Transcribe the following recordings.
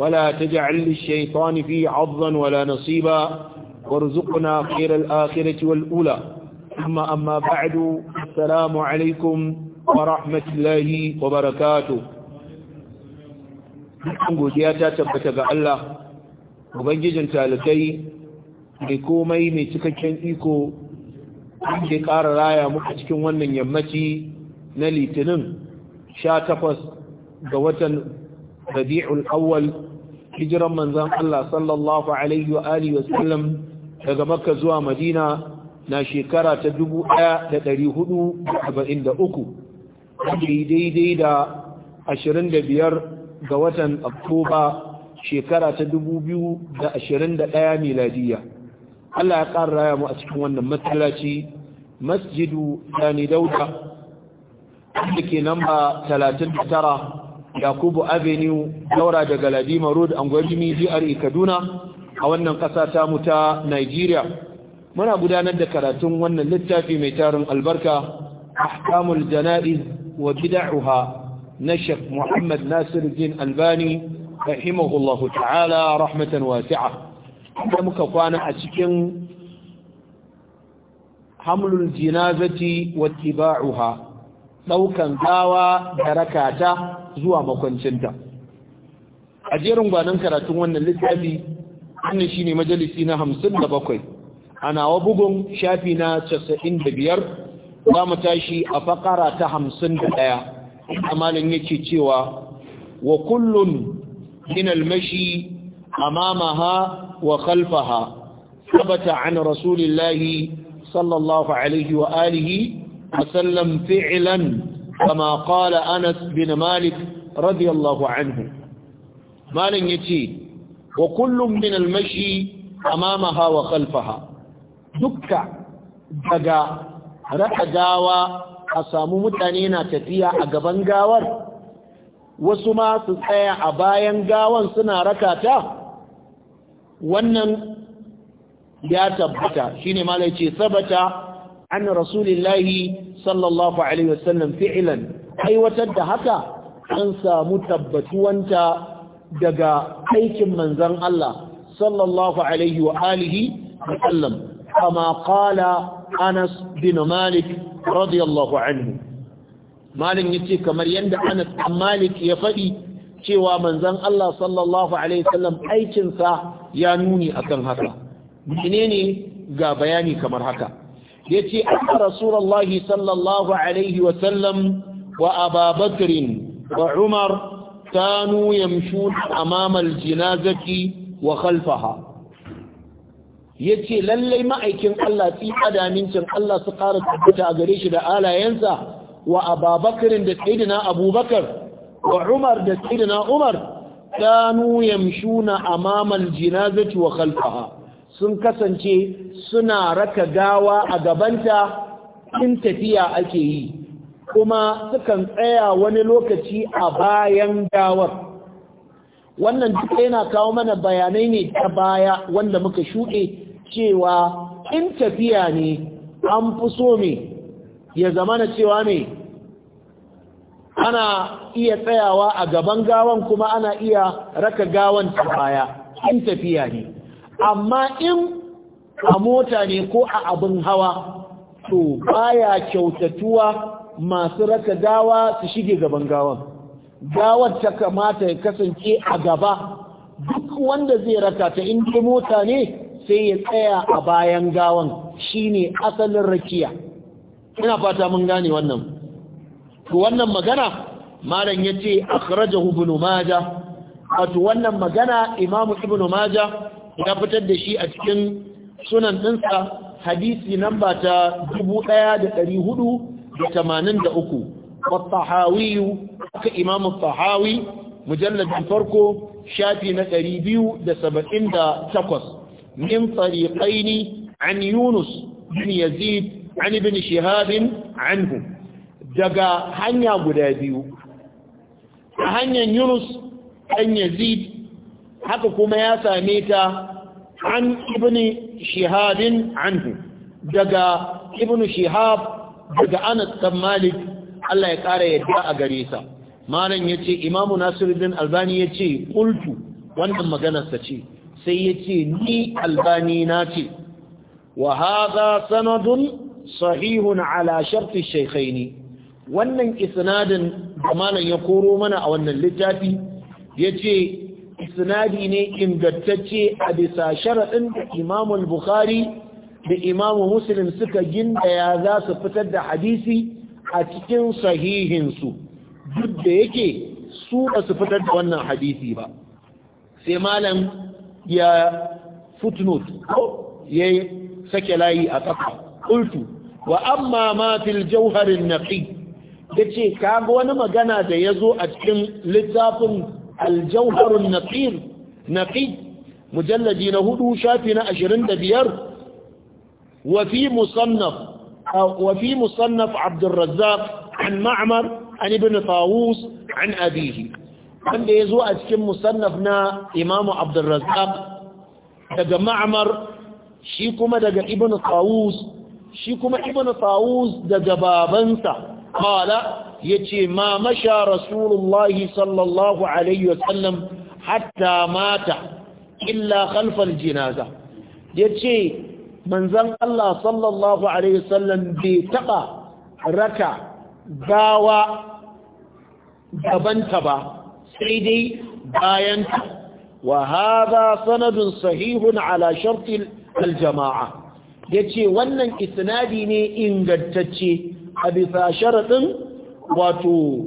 ولا تجعل للشيطان فيه عظا ولا نصيبا وارزقنا خير الآخرة والأولى ثم أما بعد السلام عليكم ورحمة الله وبركاته dukkan godiya ta tabbata ga Allah ubangijin talakai mai komai mai cikakken iko ke ƙara raya mu a cikin wannan yammaci na litinin 18 ga watan rabi'ul awwal hijiran manzan Allah sallallahu alaihi wa alihi daga makka zuwa madina na shekara ta 1443 daidai da 25 ga watan oktoba shekara ta 2021 miladiya Allah ya ƙara raya mu a cikin wannan matsalaci masjidu sani dauda da ke namba 39 yakubu avenue daura daga galadima road angwajimi jihar kaduna a wannan ƙasa ta muta ta nigeria muna gudanar da karatun wannan littafi mai tarin albarka ahkamul jana'iz wa bid'uha na Sheikh Muhammad Nasiruddin Albani rahimahullahu ta'ala rahmatan wasi'a da muka kwana a cikin hamlul jinazati wa tibauha ɗaukan gawa da rakata zuwa makwancinta a jerin gwanon karatun wannan littafi wannan shine majalisi na hamsin da bakwai a nawa bugun shafi na casa'in da biyar za mu tashi a fakara ta hamsin da ɗaya amalin yake cewa wa kullun min almashi amamaha wa khalfaha ثبت عن رسول الله صلى الله عليه وآله وسلم فعلا كما قال أنس بن مالك رضي الله عنه مالا يتي وكل من المشي أمامها وخلفها دكا دقا رأى داوى أسامو متانينا تفيا أقبان قاور وسما تسعي أبايا قاور سنا ركاتا wannan ya tabbata shine malai ce sabata an rasulillahi sallallahu alaihi wasallam fi'lan aiwatar da haka an samu tabbatuwanta daga aikin manzon Allah sallallahu alaihi wa alihi wasallam kama qala Anas bin Malik radiyallahu anhu Malik yace kamar yanda Anas bin Malik ya faɗi cewa manzon Allah sallallahu alaihi wasallam aikin sa ya nuni akan haka menene ga bayani kamar haka ya ce aka rasulallah sallallahu alaihi wasallam wa ababakirin wa umar kanu yamshun amamal jinazati wa khalfaha ya ce lallai ma'aikin Allah fi adamincin Allah su ƙara tabbata a gare shi da alayensa wa ababakarin da tsirina abubakar wa umar da tsirina umar kanu yamshuna amamal jinazati wa khalfaha sun kasance suna raka gawa a gabanta in tafiya ake yi kuma sukan tsaya wani lokaci a bayan gawar wannan duk yana kawo mana bayanai ne ta baya wanda muka shuɗe cewa in tafiya ne an fi so me ya zama na cewa ne ana iya tsayawa a gaban gawan kuma ana iya raka gawan ta baya in tafiya ne amma in a mota ne ko a abin hawa to baya kyautatuwa masu raka gawa su shige gaban gawan gawar ta kamata ya kasance a gaba duk wanda zai raka ta inda mota ne sai ya tsaya a bayan gawan shine asalin rakiya ina fata mun gane wannan to wannan magana malam yace akhrajahu ibn majah wato wannan magana imamu ibn majah ya fitar da shi a cikin sunan ɗinsa hadisi namba ta 1483 wattahawiyu aka imamu tahawi mujalladin farko shafi na 278 min tariqaini an yunus bin yazid an ibn an anhu daga hanya guda biyu a hanyar yunus ɗan yazid haka kuma ya same ta an Ibni shihabin anhu daga ibnu shihab daga anas bin malik Allah ya kara yadda a gare sa malam yace imamu nasiruddin albani yace qultu wannan maganar sa ce sai yace ni albani na ce wa hadha sanadun sahihun ala sharti ne. wannan isnadin da malam ya koro mana a wannan littafi yace isnadi ne ingantacce a bisa sharaɗin da imamul bukhari da imamu muslim suka gindaya za su fitar da hadisi a cikin sahihinsu duk da yake su ba su fitar da wannan hadisi ba sai malam ya footnote ko ya sake layi a ƙafa ƙultu wa amma ma fil jauharin nafi ya ce kaga wani magana da ya zo a cikin littafin الجوهر النقير نقي مجلد نهده شافنا أشرند بير وفي مصنف وفي مصنف عبد الرزاق عن معمر عن ابن طاووس عن أبيه عند يزوء أتكم مصنفنا إمام عبد الرزاق دقى معمر شيكما دقى ابن طاووس شيكما ابن طاووس دقى بابنسا قال yace ma masha rasulullahi sallallahu alaihi wasallam hatta mata illa khalfal jinaza yace manzon Allah sallallahu alaihi wasallam bai taba raka gawa gabanta ba sai dai bayanta wa hadha sanadun sahihun ala shartil aljama'a yace wannan isnadi ne ingantacce a bisa sharadin wato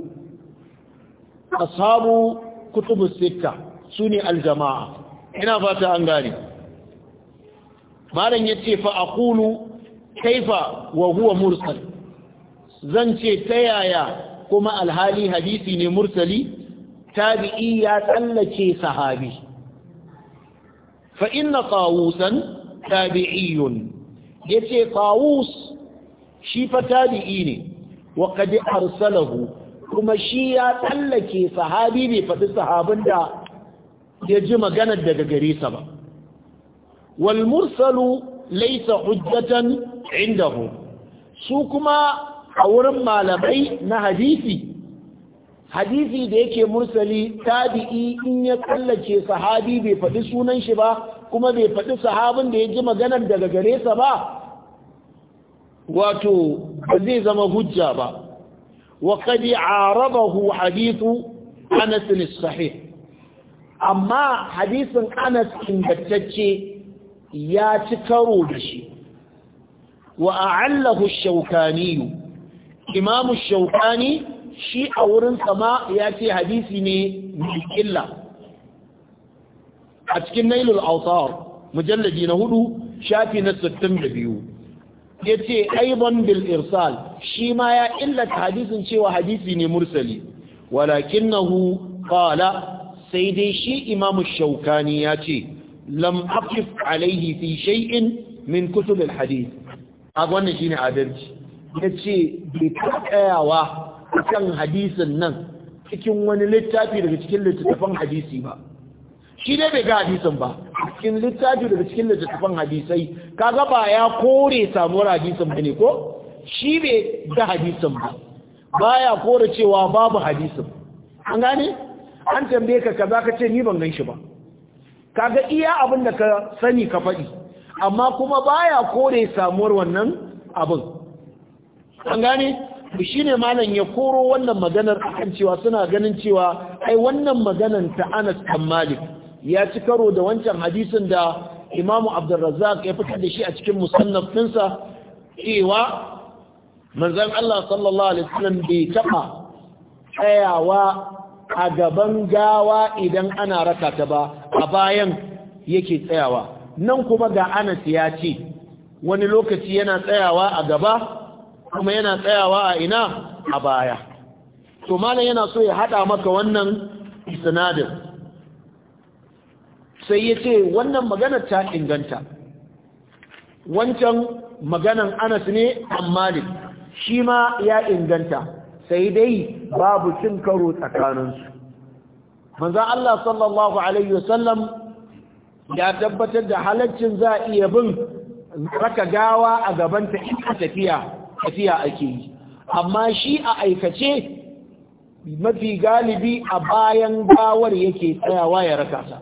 ashabu kutubu sitta su ne aljama'a ina fata an gane malam ya ce fa a kulu kaifa wa huwa mursal zan ce ta yaya kuma alhali hadisi ne mursali tabi'i ya tsallace sahabi fa inna tawusan tabi'iyun yace tawus shi fa tabi'i ne wa kadi arsalahu kuma shi ya tsallake sahabi bai faɗi sahabin da ya ji maganar daga gare sa ba wal mursalu laysa hujjatan indahu su kuma a wurin malamai na hadisi hadisi da yake mursali tabi'i in ya tsallake sahabi bai faɗi sunan shi ba kuma bai faɗi sahabin da ya ji maganar daga gare sa ba wato ba zai zama hujja ba wa kadi arabahu hadithu anas sahih amma hadisin anas ingantacce ya ci karo da shi wa a'allahu shaukani imamu shaukani shi a wurin sama ya ce hadisi ne mai illa a cikin nailul autar mujalladi na hudu shafi na 62 ya ce aibon bil irsal shi ma ya illata hadisin cewa hadisi ne mursali walakinahu Fala sai dai shi imamu shaukani ya ce lam aqif alaihi fi shay'in min kutubil hadis hadith a wannan shine adalci yace bai tsayawa kan hadisin nan cikin wani littafi daga cikin littattafan hadisi ba shi dai bai ga hadisin ba cikin littafi daga cikin littattafan hadisai ga ba ya kore samuwar hadisin ba ne ko shi bai ga hadisin ba Ba ya kore cewa babu hadisin an gane an tambaye ka kaza ka ce ni ban gan shi ba Ka ga iya abin da ka sani ka faɗi amma kuma baya kore samuwar wannan abin an gane shi ne malam ya koro wannan maganar akan cewa suna ganin cewa ai wannan maganar ta Anas kan Malik ya ci karo da wancan hadisin da imamu abdurrazzaq ya fitar da shi a cikin musannaf ɗinsa cewa manzon Allah sallallahu alaihi wasallam bai taɓa tsayawa a gaban gawa idan ana raka ta ba a bayan yake tsayawa nan kuma ga Anas ya ce wani lokaci yana tsayawa a gaba kuma yana tsayawa a ina a baya to malam yana so ya haɗa maka wannan isnadin sai ya ce wannan maganar ta inganta wancan maganan anas ne ammalik shi ma ya inganta sai dai babu cin karo tsakaninsu manzan Allah sallallahu Alaihi wasallam ya tabbatar da halaccin za a iya bin raka gawa a gabanta ina tafiya tafiya ake yi amma shi a aikace mafi galibi a bayan gawar yake tsayawa ya raka sa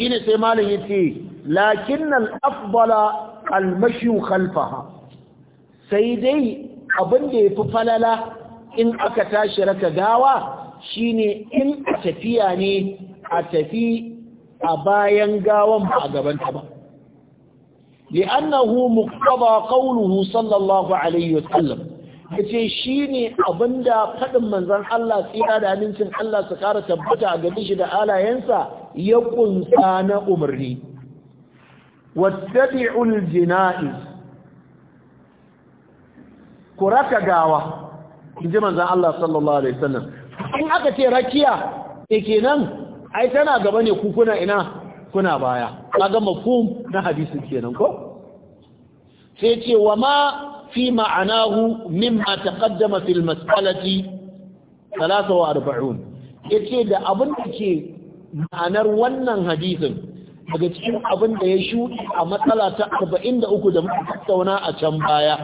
shine sai malam yace lakinnal afdala almashu khalfaha sai dai abin da ya fi falala in aka tashi raka gawa shine in tafiya ne a tafi a bayan gawan ba a gabanta ba li'annahu muqtada qawluhu sallallahu alaihi wasallam ya ce shi ne abinda faɗin manzan Allah tsira da amincin Allah su ƙara tabbata a gani shi da alayensa ya ƙunsa na umarni wattabi'ul jina'i ku raka gawa in ji manzan Allah sallallahu alaihi wasallam in aka ce rakiya ke kenan ai tana gaba ne ku kuna ina kuna baya kaga mafhum na hadisi kenan ko sai ce wa ma fi ma'anahu mimma taqaddama fil mas'alati 43 yace da abin da ke ma'anar wannan hadisin daga cikin abin da ya shuɗi a matsala ta 43 da muka tattauna a can baya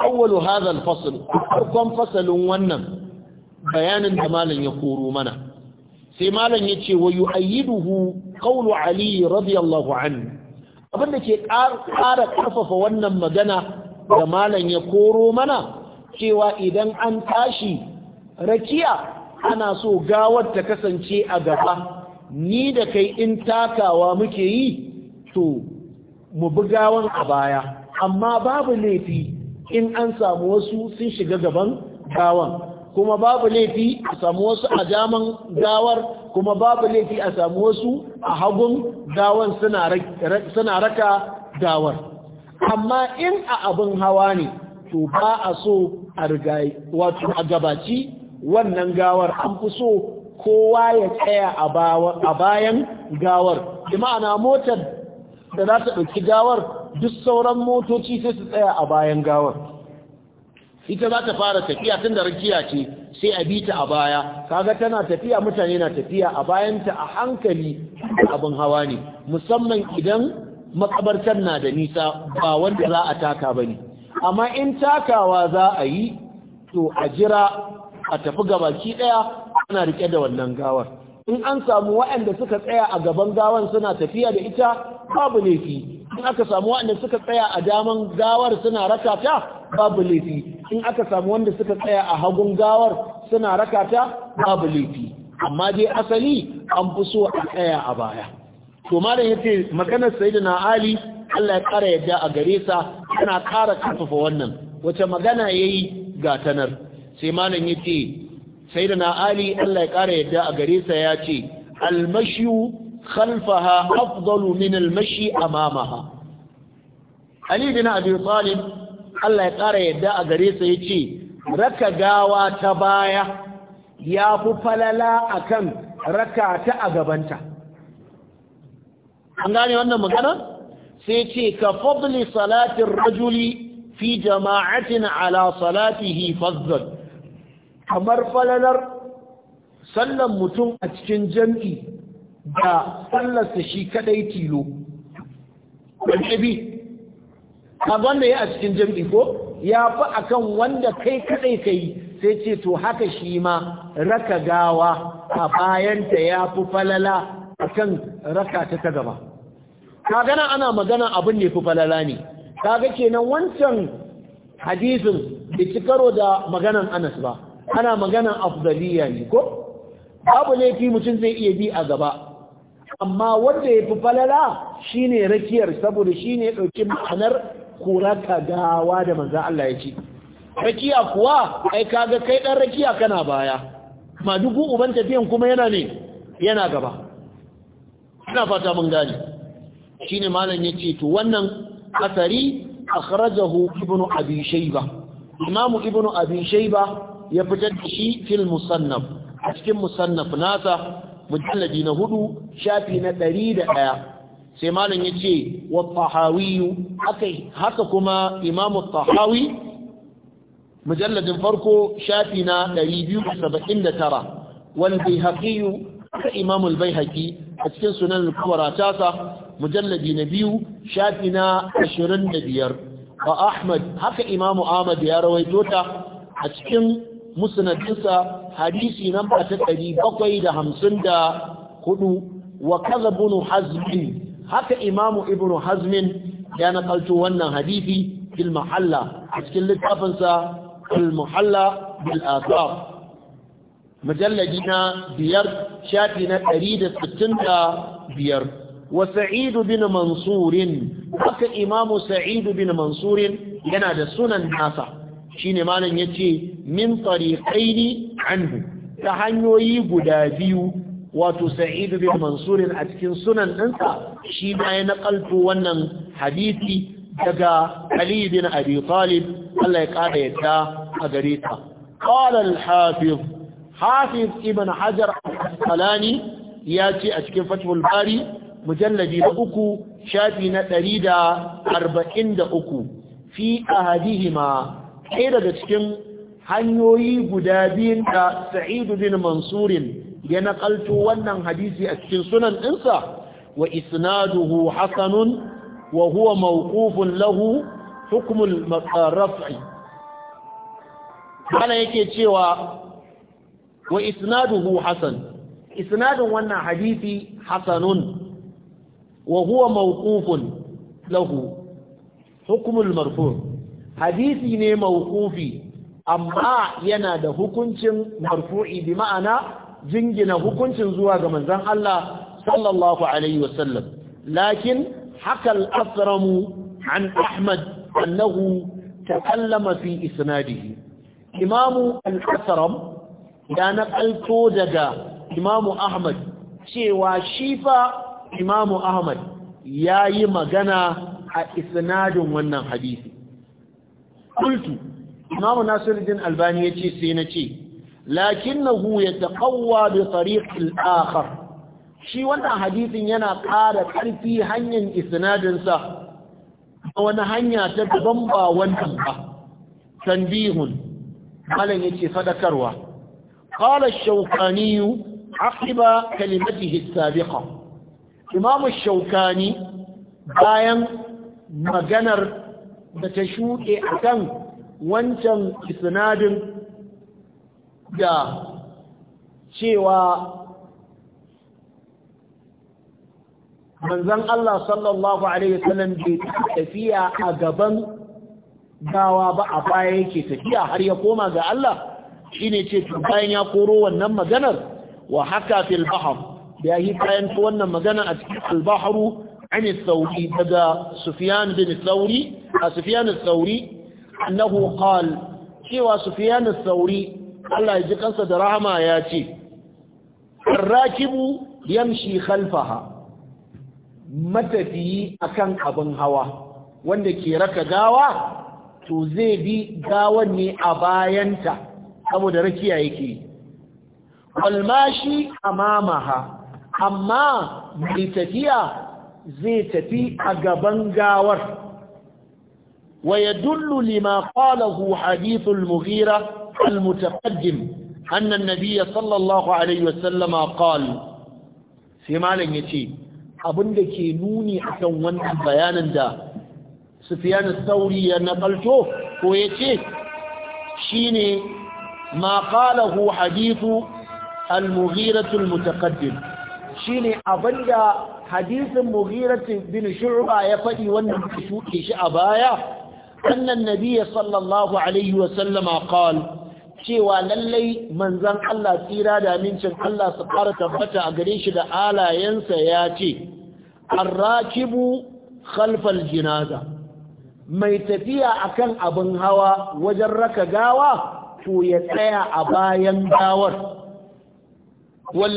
awwalu hadha al-fasl farkon fasalin wannan bayanin da malam ya koro mana sai malam yace wa yu'ayyiduhu qawlu ali radiyallahu anhu abin da ke ƙara ƙarfafa wannan magana da malam ya koro mana cewa idan an tashi rakiya ana so gawar ta kasance a gaba ni da kai in takawa muke yi to mu bi gawan a baya amma babu laifi in an samu wasu sun shiga gaban gawan kuma babu laifi a samu wasu a jaman gawar kuma babu laifi a samu wasu a hagun gawan suna raka gawar amma in a abin hawa ne to ba a so a rigaye wato a gabaci wannan gawar an fi so kowa ya tsaya a bayan gawar da ma'ana motar da za ta ɗauki gawar duk sauran motoci sai su tsaya a bayan gawar ita za ta fara tafiya tun da rakiya ce sai a bi ta a baya kaga tana tafiya mutane na tafiya a bayanta a hankali abin hawa ne musamman idan makabartar na da nisa ba wanda za a taka ba ne amma in takawa za a yi to a jira a tafi gabaki daya, ana rike da wannan gawar in an samu waɗanda suka tsaya a gaban gawan suna tafiya da ita babu laifi in aka samu waɗanda suka tsaya a daman gawar suna rakata babu laifi in aka samu wanda suka tsaya a hagun gawar suna raka ta babu laifi amma dai asali an fi so a tsaya a baya to malam yace maganar sayyidina ali Allah ya kara yadda a gare sa yana kara karfafa wannan wace magana yayi ga tanar sai malam yace sai da na ali allah ya ƙara yadda a gare sa ya ce almashiyu khalfaha afdalu min almashi amamaha ali bin abi talib allah ya ƙara yadda a gare sa ya ce raka gawa ta baya ya fi falala akan raka ta a gabanta an gane wannan magana sai ce ka fadli salatin rajuli fi jama'atin ala salatihi fazzal kamar falalar sallan mutum a cikin jam'i da sallarsa shi kadai tilo bi. a wanda ya a cikin jam'i ko ya fi akan wanda kai kadai kai sai ce to haka shi ma raka gawa a bayan ta ya fi falala akan raka ta ta gaba kagana ana magana abin ne fi falala ne kaga kenan wancan hadisin bai ci karo da maganan anas ba ana maganan afdaliya ne ko babu laifi mutum zai iya bi a gaba amma wanda ya fi falala shine rakiyar saboda shine ya ɗauki ma'anar kuraka gawa da manza Allah ya ce rakiya kuwa ai kaga kai ɗan rakiya kana baya ma uban tafiyan kuma yana ne yana gaba ina fata mun gane shine malam yace to wannan asari akhrajahu ibnu abi shayba imamu ibnu abi shayba ya fitar da shi fil musannaf a cikin musannaf nasa mujalladi na hudu shafi na ɗari da ɗaya sai malam ya ce wa tahawiyu haka kuma imamu tahawi mujalladin farko shafi na ɗari biyu da saba'in da tara wal bihaqiyu haka imamu albayhaqi a cikin sunan al-kubra tasa mujalladi na biyu shafi na ashirin da biyar wa ahmad haka imamu ahmad ya rawaito ta a cikin musnadinsa hadisi namba ta ɗari bakwai da hamsin da hudu wa kaza bunu hazmin haka imamu ibnu hazmin ya nakalto wannan hadisi fil mahalla a cikin littafinsa fil mahalla bil asar majalladi na biyar shafi na ɗari da sittin da biyar wa sa'idu bin mansurin haka imamu sa'idu bin mansurin yana da sunan nasa shine malam yace min tariqaini anhu ta hanyoyi guda biyu wato sa'id bin mansur a cikin sunan ɗinsa shi ma ya nakalto wannan hadisi daga ali bin abi talib Allah ya kada a gare ta qala al-hafiz hafiz ibn hajar al-asqalani ya ce a cikin fathul bari mujalladi na uku shafi na 143 fi ahadihima ɗaya daga cikin hanyoyi guda biyun da sa'idu bin mansurin ya naƙalto wannan hadisi a cikin sunan ɗinsa wa isnaduhu hasanun wa huwa mawqufun lahu hukmul raf'i ana yake cewa wa isnaduhu hasan isnadun wannan hadisi hasanun wa huwa mawqufun lahu hukmul marfu' hadisi ne mawqufi amma yana da hukuncin marfu'i bi ma'ana jingina hukuncin zuwa ga manzon Allah sallallahu alaihi wasallam lakin haka al-asram an Ahmad annahu takallama fi isnadihi imamu al-asram ya naqalto daga imamu Ahmad cewa shifa imamu Ahmad yayi magana a isnadin wannan hadisi qultu imam nasiruddin albani yace sai na ce lakinnahu ta bi tariq al-akhar shi wannan hadisin yana ƙara ƙarfi hanyar isnadin A wani hanya ta daban ba wannan ba tanbihun malan yace faɗakarwa. qala ash-shawkani aqiba kalimatihi as-sabiqa imam bayan maganar da ta shuɗe a kan wancan isnadin da cewa manzan Allah sallallahu Alaihi wasallam bai tafiya a gaban gawa ba a baya yake tafiya har ya koma ga Allah shi ne ce bayan ya koro wannan maganar wa haka fil bahar ya yi bayan wannan magana a cikin albaharu عن الثوري بدا سفيان بن الثوري سفيان الثوري أنه قال شوى سفيان الثوري الله يجيك أنسى درعما ياتي الراكب يمشي خلفها matafiyi akan abin hawa wanda ke raka gawa to zai bi gawan ne a bayanta saboda rakiya yake walmashi amamaha amma mai tafiya zai tafi a gaban gawar waya yadullu lima qalahu hadithul mughira al-mutaqaddim anna an sallallahu alaihi wasallama qala sai malam yace abinda ke nuni akan wannan bayanin da Sufyan al-Thawri ya nakalto ko yace shine ma qalahu hadithu al-mughira al-mutaqaddim shine abinda hadisin mughiratu bin shu'ba ya faɗi wannan shuke shi a baya annan Nabiya sallallahu alaihi wa sallama cewa lallai manzon Allah tsira da amincin Allah su fara tabbata a gare shi da alayensa ya ce arrakibu khalfal jinaza mai tafiya akan abin hawa wajen raka gawa to ya tsaya a bayan gawar wal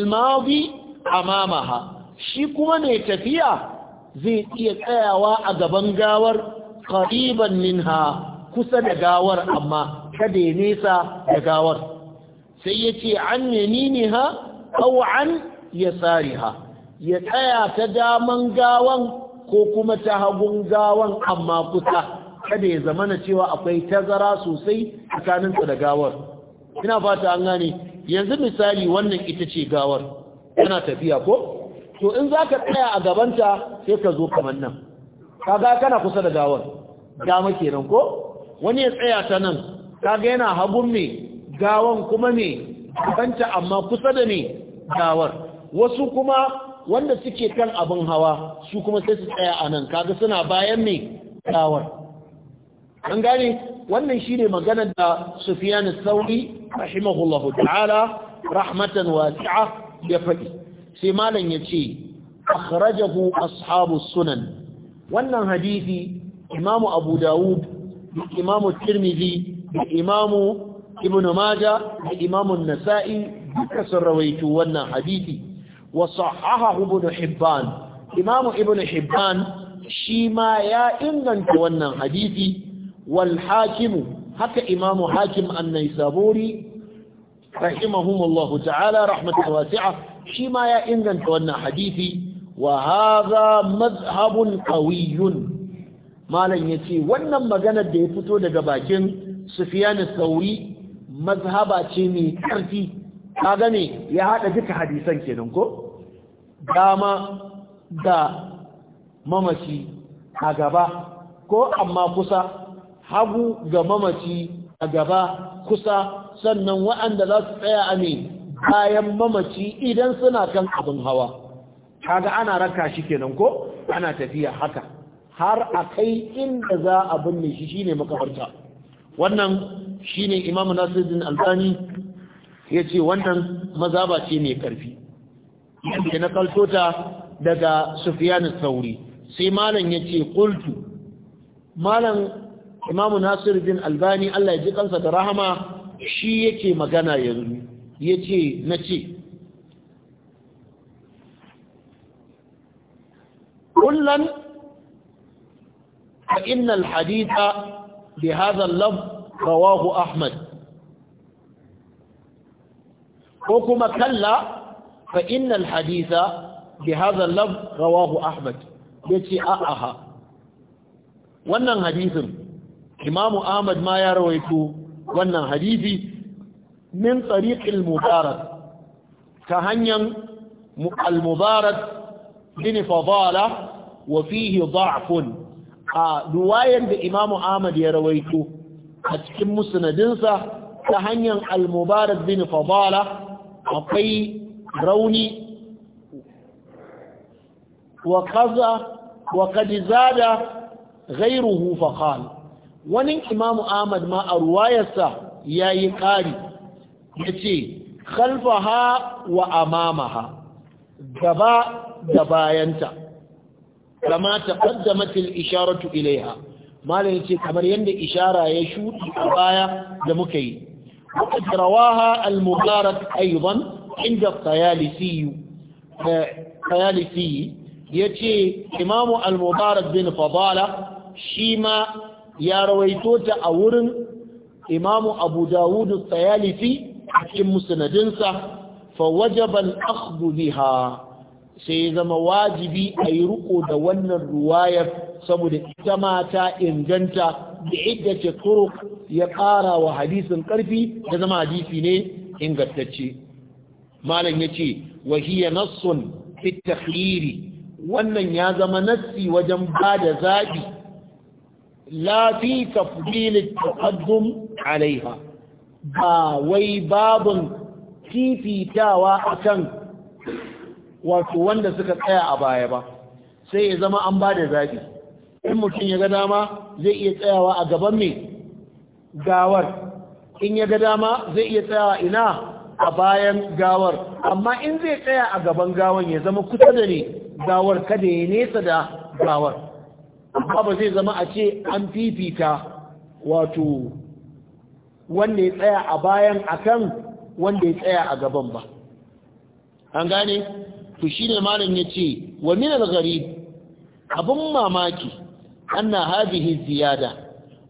amamaha shi kuma mai tafiya zai iya tsayawa a gaban gawar qariban minha kusa da gawar amma kada ya nesa da gawar sai ya yace an ha aw an ha ya tsaya ta daman gawan ko kuma ta hagun gawan amma kusa kada ya zama na cewa akwai tazara sosai tsakaninsa da gawar ina fata an gane yanzu misali wannan ita ce gawar yana tafiya ko to in zaka tsaya a gabanta sai ka zo kaman nan kaga kana kusa da gawar dama kenan ko wani ya tsaya ta nan kaga yana hagun me gawan kuma me gabanta amma kusa da me gawar wasu kuma wanda suke kan abin hawa su kuma sai su tsaya a nan kaga suna bayan me gawar an gane wannan shine maganar da Sufyan al-Thawri rahimahullahu ta'ala rahmatan wasi'a ya faɗi sai malam ya ce akhrajahu ashabu sunan wannan hadisi imamu abu dawud da imamu tirmidhi da imamu ibnu maja da imamu nasa'i duka sun rawaito wannan hadisi wa sahahahu ibnu hibban imamu ibnu hibban shi ma ya inganta wannan hadisi wal hakimu haka imamu hakim an-naisaburi rahimahumullahu ta'ala rahmatan wasi'a shi ma ya inganta wannan hadisi wa hadha madhhabun Malam ya ce wannan maganar da ya fito daga bakin Sufyan al-Thawri mazhaba ce mai karfi kaga ne ya hada duka hadisan kenan ko dama da mamaci a gaba ko amma kusa hagu ga mamaci a gaba kusa sannan wa'anda za su tsaya a ne bayan mamaci idan suna kan abin hawa kaga ana raka shi kenan ko ana tafiya haka har a kai inda za a binne shi shine makabarta wannan shine imamu nasiruddin albani ya ce wannan mazaba ce mai karfi yadda na ta daga sufiyanu sauri sai malam ya ce kultu malam imamu nasiruddin albani allah ya ji kansa da rahama shi yake magana yanzu ya ce na ce kullum a innal haditha bi hadha lam rawahu ahmad ko kuma kalla fa innal haditha bi hadha lam rawahu ahmad yace a'a wannan hadithin imamu ahmad ma ya rawaito wannan hadisi min tariqil mubarak ta hanyar al-mubarak bin fadala wa fihi da'fun a duwayan da Imam Ahmad ya rawaito a cikin musnadinsa ta hanyar al-mubarak bin fadala akwai rauni wa kaza wa kad zada ghayruhu fa qala wani imamu ahmad ma a ruwayarsa ya yi ƙari ya ce khalfaha wa amamaha gaba da bayanta kama taqaddamatil isharatu ilaiha malam yace kamar yadda ishara ya shuɗi a baya da muka yi وقد رواها المبارك أيضا عند الطيالسي الطيالسي يتي إمام bin بن فضالة شيما ya rawaito ta a wurin imamu abu dawudu tsayalifi a cikin sanadinsa. fa wajaban akhdhu biha sai zama wajibi a yi riko da wannan ruwayar saboda ita ma ta inganta da iddace turuk ya ƙara wa hadisin ƙarfi da zama hadisi ne ingantacce malam ya ce wahiyya nassun fit wannan ya zama nassi wajen ba da zaɓi la ta tafdil taqaddum alaiha ba wai babun fifitawa akan wato wanda suka tsaya a baya ba sai ya zama an ba da zabi in mutum ya ga dama zai iya tsayawa a gaban mai gawar in ya ga dama zai iya tsayawa ina a bayan gawar amma in zai tsaya a gaban gawan ya zama kusa da ne gawar kada ya nesa da gawar amma ba zai zama a ce an fifita wato wanda ya tsaya a bayan akan wanda ya tsaya a gaban ba an gane to ne malam ce, wa minar gari abin abun mamaki na hadhihi ziyada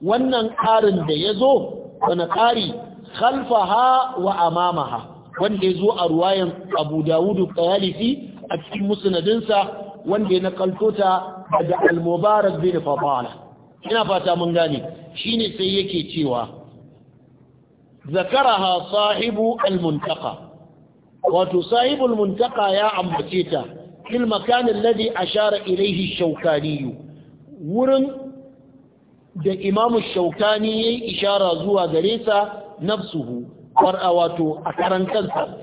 wannan ƙarin da ya zo, wani ƙari khalfaha wa amamaha wanda ya zo a ruwayan Abu Dawudu kayalifi a cikin musnadinsa wanda ya nakalto ta daga al-mubarak bin fadala ina fata mun gane shine sai yake cewa zakaraha sahibu al wato sahibul muntaka ya ambace ta fil makan alladhi ashara ilayhi ash-shawkani wurin da imam ash-shawkani yayi ishara zuwa gare sa nafsuhu wato a karan kansa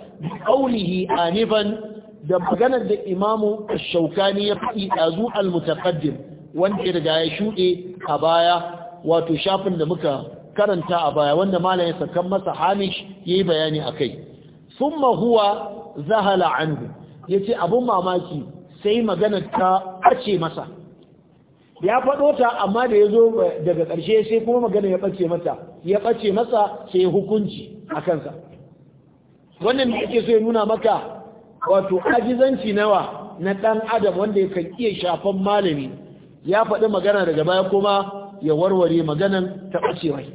qawlihi anifan da maganar da imamu shaukani ya faɗi ɗazu al-mutaqaddim wanda ya riga ya shuɗe a baya wato shafin da muka karanta a baya wanda malam ya sakan masa hamish ya yi bayani a akai thumma huwa zahala Ya ce abin mamaki sai maganar ta ɓace masa ya faɗo ta amma da ya zo daga ƙarshe sai kuma magana ya ɓace masa, ya ɓace masa sai hukunci a kansa wannan da ake so ya nuna maka wato ajizanci nawa na ɗan adam wanda ya kan iya shafan malami ya faɗi magana daga baya kuma ya warware maganan ta ɓacewai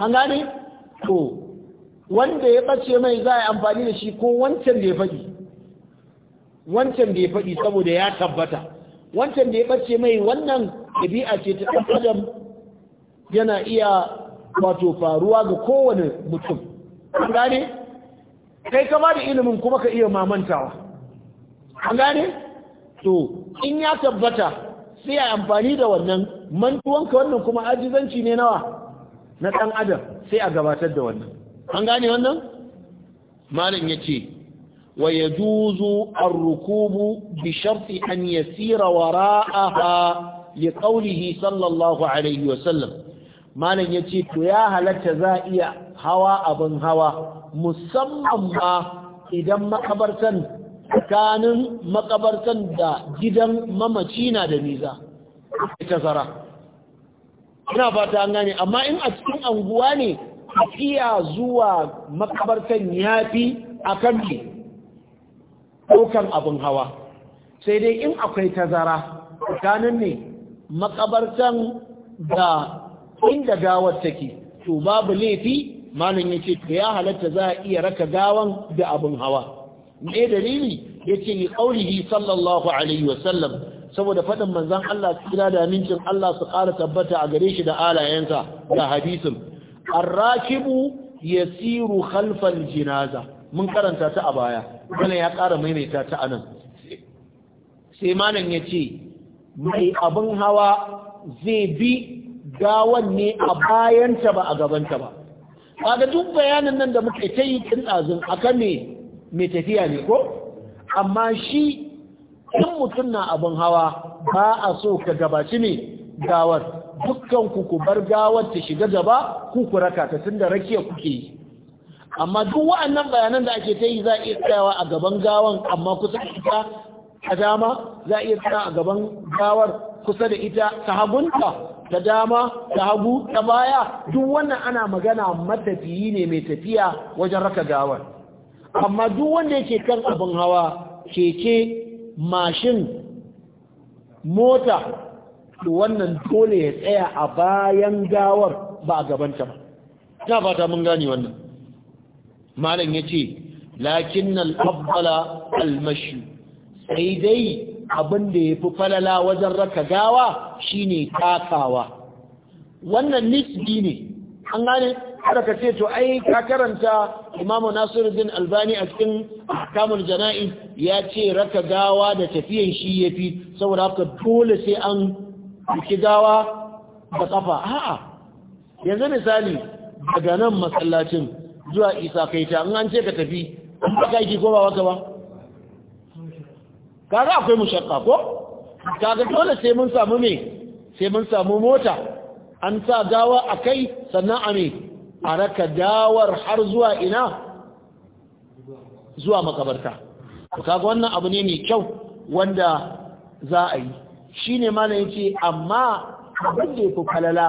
an gane? to wanda ya ɓace mai za a yi amfani da shi ko wancan da ya faɗi wancan da ya faɗi saboda ya tabbata wancan da ya ɓace mai wannan ɗabi'a ce ta ɗan adam yana iya wato faruwa ga kowane mutum an gane? kai ka da ilimin kuma ka iya mamantawa an gane to in ya tabbata sai a amfani da wannan mantuwanka wannan kuma ajizanci ne nawa na ɗan adam sai a gabatar da wannan an gane wannan malam ya ce wa ya juzu rukubu bi sharti an yasira wara'aha li qawlihi sallallahu alaihi wa sallam malam ya ce to ya halatta za iya hawa abin hawa musamman ma idan makabartan tsakanin makabartan da gidan mamaci na da nisa tazara ina fata an gane amma in a cikin anguwa ne tafiya zuwa makabartan yafi akan ne ɗaukan abin hawa sai dai in akwai tazara tsakanin ne makabartan da inda gawar take to babu laifi malam ya ce ya halatta za a iya raka gawan da abin hawa me dalili ya ce yi ƙaurihi sallallahu alaihi wasallam saboda faɗin manzan Allah tsira da amincin Allah su ƙara tabbata a gare shi da alayensa da hadisin arrakibu ya siru khalfal jinaza mun karanta ta a baya wannan ya ƙara maimaita ta anan sai malam ya ce mai abin hawa zai bi gawan ne a bayanta ba a gabanta ba kaga duk bayanan nan da muka ta yi tun ɗazun akan me mai tafiya ne ko amma shi in mutum na abin hawa ba a so ka gabaci ne gawar dukkan ku ku bar gawar ta shiga gaba ku ku raka ta tun da rakiya kuke yi amma duk wa'annan bayanan da ake ta yi za a iya tsayawa a gaban gawan amma kusa kusa? ta dama za a iya tsara a gaban gawar kusa da ita ta hagunta ta dama ta hagu ta baya duk wannan ana magana matafiyi ne mai tafiya wajen raka gawar amma duk wanda yake kan abin hawa keke mashin mota wannan dole ya tsaya a bayan gawar ba a gabanta ba ta fata mun gane wannan malam ya ce, lakin afdala al-mashi sai dai abin da ya fi falala wajen raka gawa shine kakawa. wannan nisbi ne an gane har ka ce to ai ka karanta imamu nasiruddin albani a cikin kamun jana'i ya ce raka gawa da tafiyan shi ya fi saboda haka dole sai an fi gawa da ƙafa a'a yanzu misali daga nan masallacin zuwa isa kaita in an ce ka tafi ba ka yi ba waka ba kaga akwai mushakka ko kaga dole sai mun samu me sai mun samu mota an sa gawa a kai sannan a me a raka dawar har zuwa ina zuwa makabarta kaga wannan abu ne mai kyau wanda za a yi shine malam yace amma abin da ku falala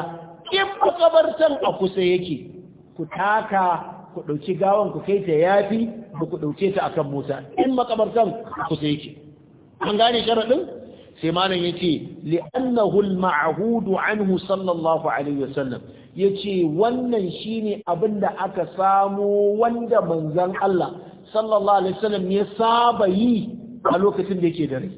in makabartan a kusa yake ku taka ku ɗauki gawan ku kai ta yafi ba ku ɗauke ta akan mota in makabartan kusa yake an gane sharaɗin sai malam ya ce li'annahu al-ma'hudu anhu sallallahu alaihi wasallam ya ce wannan shine abin da aka samo wanda manzan Allah sallallahu alaihi wasallam ya saba yi a lokacin da yake da rai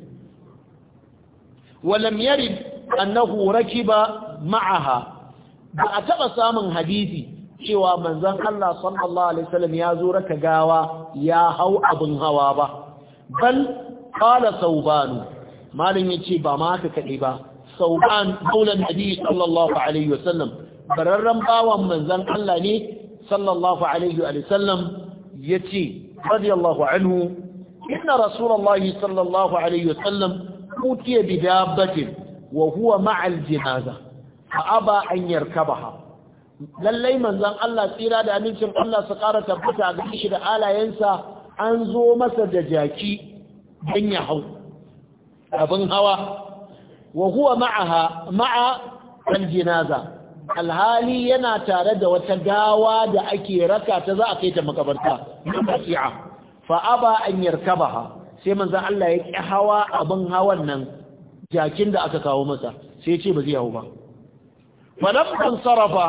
walam yarid annahu rakiba ma'aha ba a taɓa samun hadisi cewa manzon Allah sallallahu alaihi wasallam ya zo raka gawa ya hau abin hawa ba bal qala sauban malin yace ba ma haka kade ba sauban maulan nabi sallallahu alaihi wasallam bararran bawan manzon Allah ne sallallahu alaihi wa sallam yace radiyallahu anhu inna rasulullahi sallallahu alaihi wasallam utiya bidabatin wa huwa ma'al jinaza fa aba an yarkabaha lallai manzon Allah tsira da amincin Allah su ƙara tabbata ga shi da alayensa an zo masa da jaki hanya hau abin hawa wa huwa ma'aha ma'a aljinaza alhali yana tare da wata gawa da ake raka ta za a kai ta makabarta maqati'a fa aba an yarkabaha sai manzan Allah ya ki hawa abin hawan nan jakin da aka kawo masa sai ya ce ba zai hau ba fa lam sarrafa.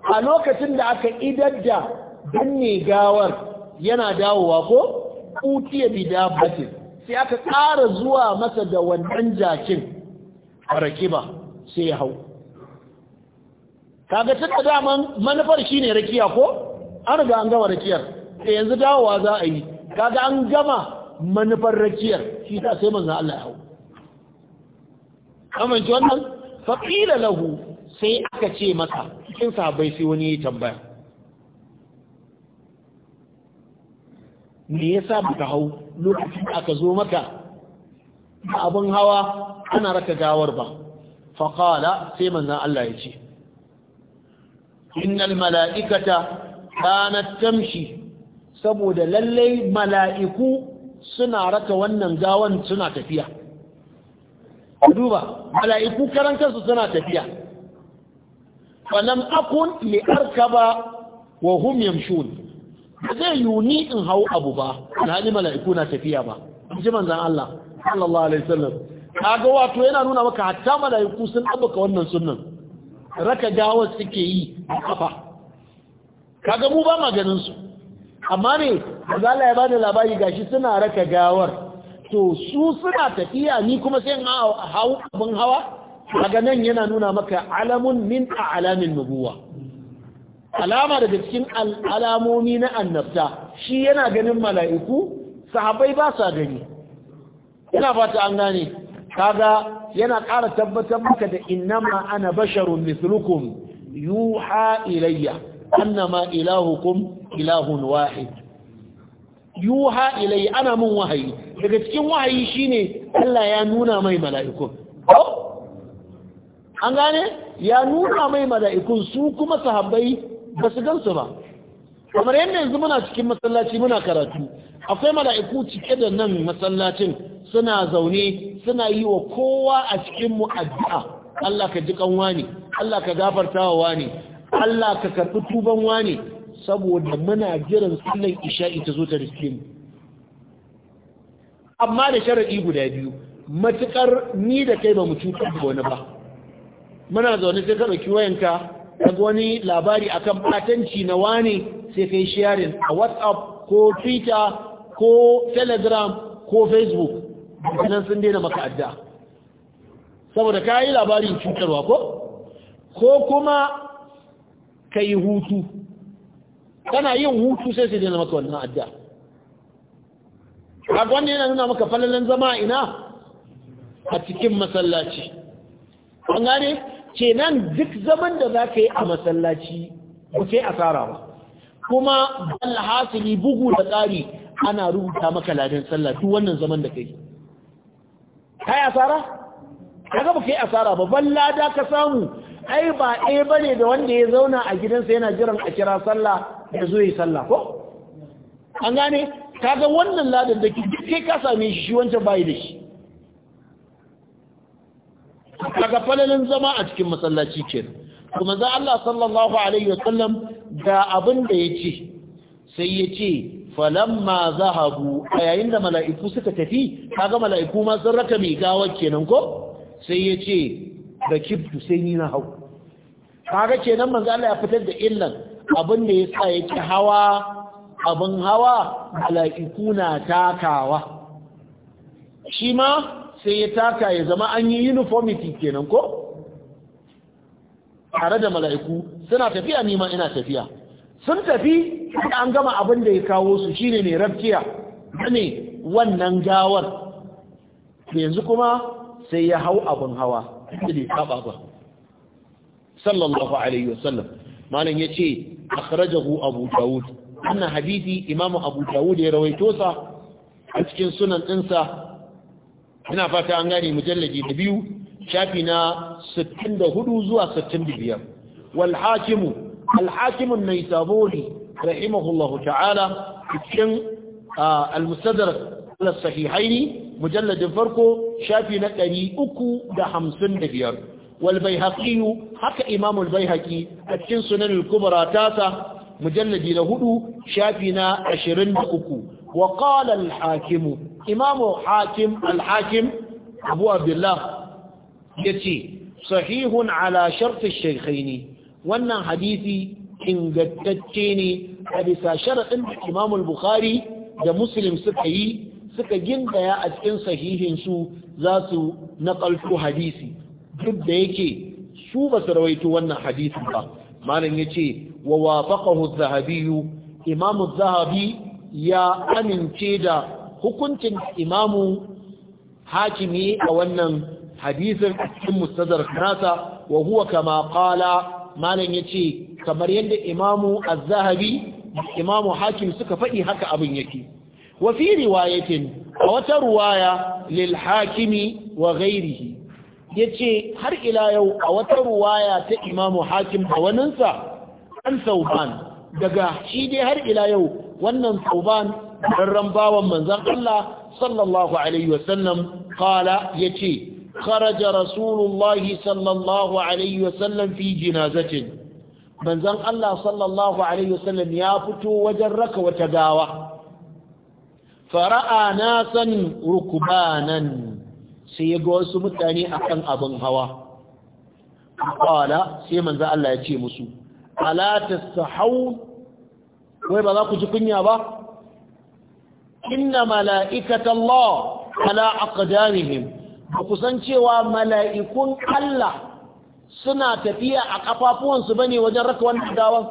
a lokacin da aka idadda danne gawar yana dawowa ko utiya bi dabatin sai aka ƙara zuwa masa da wannan jakin a ba sai ya hau kaga tun da daman manufar shi ne rakiya ko an riga an gama rakiyar sai eh, yanzu dawowa za a yi kaga an gama manufar rakiyar shi ta sai manzan Allah ya hau amince wannan faƙila lahu sai aka ce masa cikin sabai sai wani ya tambaya me yasa baka hau lokacin aka zo maka abin hawa ana raka gawar ba faqala sai manzon Allah ya ce innal mala'ikata kanat tamshi saboda lallai mala'iku suna raka wannan gawan suna tafiya duba mala'iku karan kansu suna tafiya lam akun li arkaba wa hum yamshun ba zai yiwu ni in hau abu ba alhali mala'iku na tafiya ba ji manzan Allah sallallahu alaihi wasallam kaga wato yana nuna maka hatta mala'iku sun abuka wannan sunnan raka gawa suke yi a kafa kaga mu ba ma ganin su amma ne Allah ya bani labari gashi suna raka gawar to su suna tafiya ni kuma sai in hau abin hawa kaga nan yana nuna maka alamun min a'lamin nubuwa alama daga cikin alamomi na annabta shi yana ganin mala'iku sahabai ba sa gani yana fata an gane kaga yana ƙara tabbatar maka da innama ana basharun mislukum yuha ilayya annama ilahukum ilahun wahid yuha ilayya ana mun wahayi daga cikin wahayi shine Allah ya nuna mai mala'ikun an gane ya nuna mai mala'ikun su kuma sahabbai ba su gansu ba kamar yadda yanzu muna cikin masallaci muna karatu akwai mala'iku cike da nan masallacin suna zaune suna yi wa kowa a mu addu'a Allah ka ji kanwa ne Allah ka gafarta wa ne Allah ka karɓi tuban wa ne saboda muna jiran sallan isha'i ta zo ta riske mu amma da sharaɗi guda biyu matukar ni da kai ba mu cutar da wani ba muna zaune sai ka ɗauki wayanka daga wani labari akan batanci na wane sai kai sharing a whatsapp ko twitter ko telegram ko facebook nan sun daina maka adda saboda ka yi labarin cutarwa ko ko kuma ka yi hutu kana yin hutu sai su daina maka wannan adda a wanda yana nuna maka falalan zama ina a cikin masallaci an gane kenan duk zaman da za ka yi a masallaci ba kai asara ba kuma alhasili bugu da tsari ana rubuta maka ladan sallah duk wannan zaman da kai kai asara ga ba kai asara ba ban lada ka samu ai ba ɗaya bane da wanda ya zauna a gidansa yana jiran a kira sallah ya zo yi sallah ko an gane kaga wannan ladan da duk kai ka same shi shi wancan bai da shi kaga falalin zama a cikin masallaci ke kuma za Allah sallallahu alaihi wasallam da abin da ya ce sai ya ce falamma zahabu a yayin da mala'iku suka tafi kaga mala'iku ma sun raka mai gawa kenan ko sai ya ce da kibtu sai ni na hau kaga kenan manzo Allah ya fitar da illan abin da ya sa yake hawa abin hawa mala'iku na takawa shi ma sai ya taka ya zama an yi uniformity kenan ko tare da mala'iku suna tafiya nima ina tafiya sun tafi an gama abin da ya kawo su shine ne rabtiya ne wannan gawar yanzu kuma sai ya hau abin hawa da kaba ba sallallahu alaihi wasallam malam yace akhrajahu abu daud anna hadithi imamu abu daud ya rawaito sa a cikin sunan dinsa ina fata an gane mujallaji da biyu shafi na 64 zuwa 65 wal hakimu al hakimu saboli rahimahullahu ta'ala cikin al-mustadrak ala sahihaini mujalladin farko shafi na 355 wal baihaqi haka imamul bai haki a cikin sunan al-kubra tasa mujalladi na hudu shafi na 23 wa qala hakimu imamu hakim alhakim abu abdullah ya ce sahihun ala sharfi ne wannan hadisi ingantacce ne a bisa sharaɗin da imamu bukhari da muslim suka yi suka gindaya a cikin sahihinsu za su naƙalto hadisi duk da yake su ba su rawaito wannan hadisi ba malam ya ce wa wafaqahu zahabiyu imamu zahabi ya amince da hukuncin imamu hakimi a wannan hadisin cikin mustadar nasa wa huwa kama qala malam yace kamar yadda imamu az-zahabi imamu hakim suka faɗi haka abin yake wa fi riwayatin a wata ruwaya lil hakimi wa ghairihi yace har ila yau a wata ruwaya ta imamu hakim a waninsa an sauban daga shi dai har ila yau wannan sauban Ran bawan manzan Allah sallallahu alaihi wasallam kala ya ce kharaja rasulullahi sallallahu alaihi wasallam fi jinazatin manzan Allah sallallahu alaihi wasallam ya fito wajen raka wata gawa fara'a nasan rukubanan sai ya ga wasu mutane akan abin hawa kala sai manzo Allah ya ce musu ala tastahun wai ba za ku ji kunya ba inna mala'ikata Allah ala aqdamihim ba ku san cewa mala'ikun Allah suna tafiya a kafafuwansu bane wajen raka wannan gawan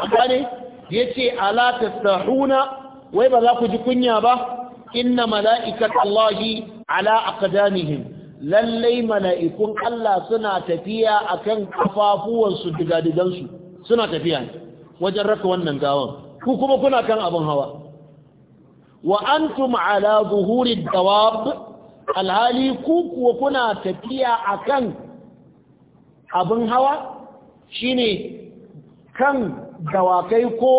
amma ne yace ala tastahuna wai ba za ku ji kunya ba inna mala'ikat Allahi ala aqdamihim lallai mala'ikun Allah suna tafiya akan kafafuwansu digadigansu suna tafiya wajen raka wannan gawan ku kuma kuna kan abin hawa wa antum ala zuhuri dawab alhali ku kuwa kuna tafiya akan abin hawa shine kan dawakai ko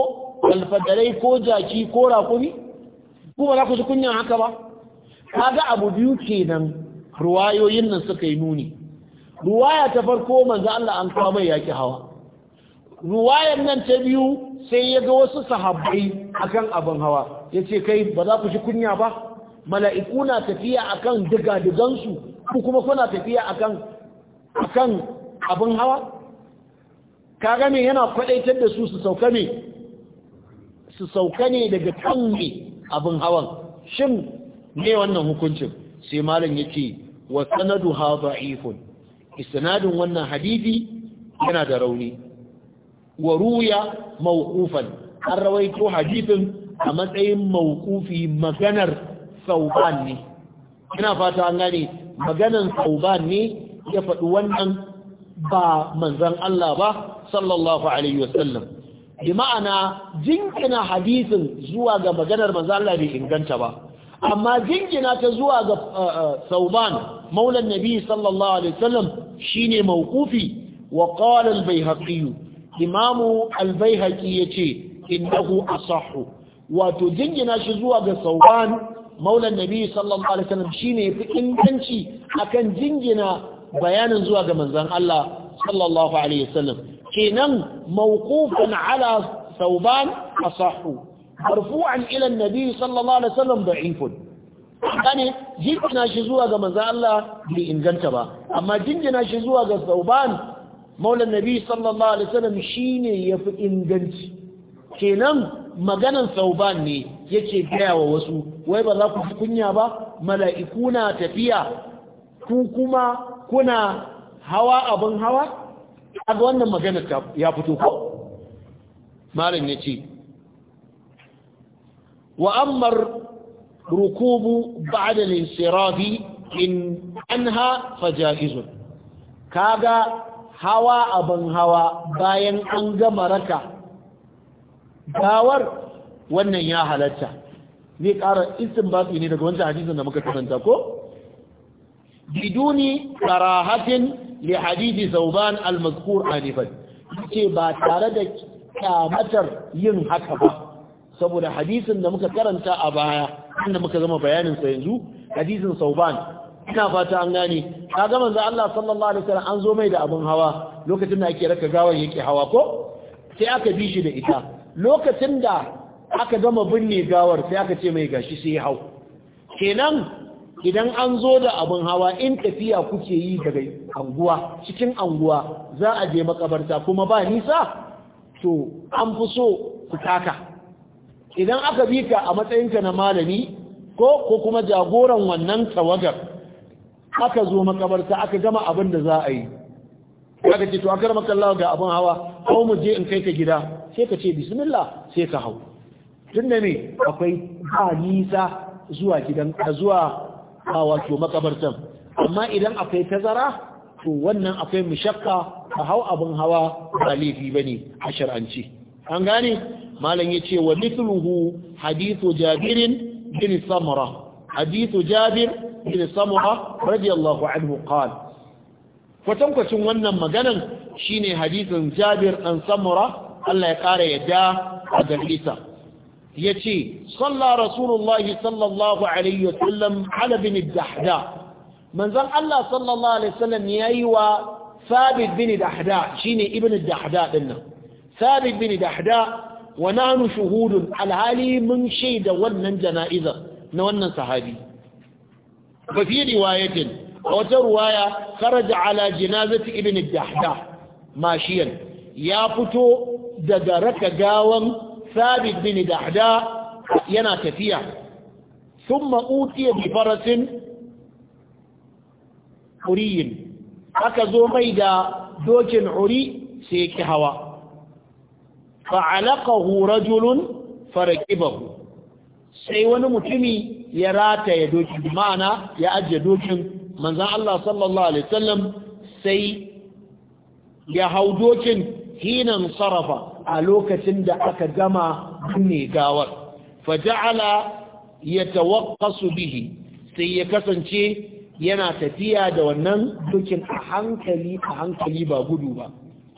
alfadarai ko jaki ko rakumi ku ba za ku ji kunyan haka ba kaga abu biyu kenan ruwayoyin nan suka yi nuni ruwaya ta farko manzo Allah an kawo mai yaki hawa ruwayan nan ta biyu sai ya ga wasu sahabbai akan abin hawa ya ce kai ba za ku ji kunya ba mala'iku na tafiya akan digadigansu ku kuma kuna tafiya akan akan abin hawa kaga me yana kwadaitar da su su sauka ne su sauka ne daga kan me abin hawan shin ne wannan hukuncin sai malam yake wa sanadu ha da'ifun isnadin wannan hadisi yana da rauni Waruya ruya an rawaito hadisin a matsayin mawqufi maganar sauban ne ina fata an gane maganar sauban ne ya faɗi wannan ba manzan Allah ba sallallahu alaihi wasallam bi ma'ana jinkina hadisin zuwa ga maganar manzon Allah bai inganta ba amma jingina ta zuwa ga eh, eh, sauban maulan nabi sallallahu alaihi wasallam shine mawqufi wa qala al-baihaqi imamu albaihaki ya ce innahu asahu wato jingina shi zuwa ga sauban maulan nabi sallallahu alaihi wasallam shine fi inganci akan jingina bayanin zuwa ga manzon Allah sallallahu alaihi wasallam kenan mawqufan ala sauban asahu marfu'an ila nabi sallallahu alaihi wasallam da'ifun kane jingina shi zuwa ga manzon Allah bai inganta ba amma jingina shi zuwa ga sauban maulan nabi sallallahu alaihi wasallam shine yafi inganci kenan maganan sauban ne yake gaya wa wasu wai ba za ku fi kunya ba mala'iku na tafiya ku kuma kuna hawa abin hawa kaga wannan magana ya fito ko malam ce. wa ammar rukubu ba'da al-insirafi in anha fajaizun kaga hawa abin hawa bayan an gama raka gawar wannan ya halatta zai ƙara istinbati ne daga wancan hadisin da muka karanta ko biduni karahatin li hadisi sauban al-mazkur anifan ce ba tare da kyamatar yin haka ba saboda hadisin da muka karanta a baya inda muka zama bayanin sa yanzu hadisin sauban ina fata an gane ga manzo Allah sallallahu alaihi wasallam an zo mai da abun hawa lokacin da ake raka gawar yake hawa ko sai aka bi shi da ita lokacin da aka gama binne gawar sai aka ce mai gashi sai ya hau kenan idan an zo da abun hawa in tafiya kuke yi daga anguwa cikin anguwa za a je makabarta kuma ba nisa to an fi so ku taka idan aka bi ka a matsayinka na malami ko ko kuma jagoran wannan tawagar aka zo makabarta aka gama abin da za a yi aka ce to a kallawa ga abin hawa hau mu je in kai ka gida sai ka ce bismillah sai ka hau tun da ne akwai ba nisa zuwa gidan zuwa a wato makabartan amma idan akwai tazara to wannan akwai mushakka a hau abin hawa ba laifi bane a shar'anci an gane malam yace wa mithluhu hadithu jabirin bin samara حديث جابر بن سمرة رضي الله عنه قال kwatankwacin wannan maganan shine hadisin Jabir dan Samura Allah ya kare yadda a garisa yace salla Rasulullah sallallahu alaihi wasallam ala bin Dahda manzon Allah sallallahu alaihi wasallam yayi wa Thabit bin Dahda shine ibn Dahda dinnan Thabit bin Dahda wa nahnu shuhudun alhali mun shaida wannan jana'izar na wannan sahabi ba fi riwayatin a wata ruwaya kharaja ala jinazati ibn dahda mashiyan ya fito daga raka gawan sabit bin dahda yana tafiya sun utiya farasin huriyin aka zo mai da dokin huri sai ki hawa fa'alaqahu rajulun faraqibahu sai wani mutumi ya rata ya doki ma'ana ya ajiye dokin manzan Allah sallallahu alaihi wasallam sai ya hau dokin hinan sarrafa a lokacin da aka gama ne gawar faja'ala ya tawakasu bihi sai ya kasance yana tafiya da wannan dokin a hankali a hankali ba gudu ba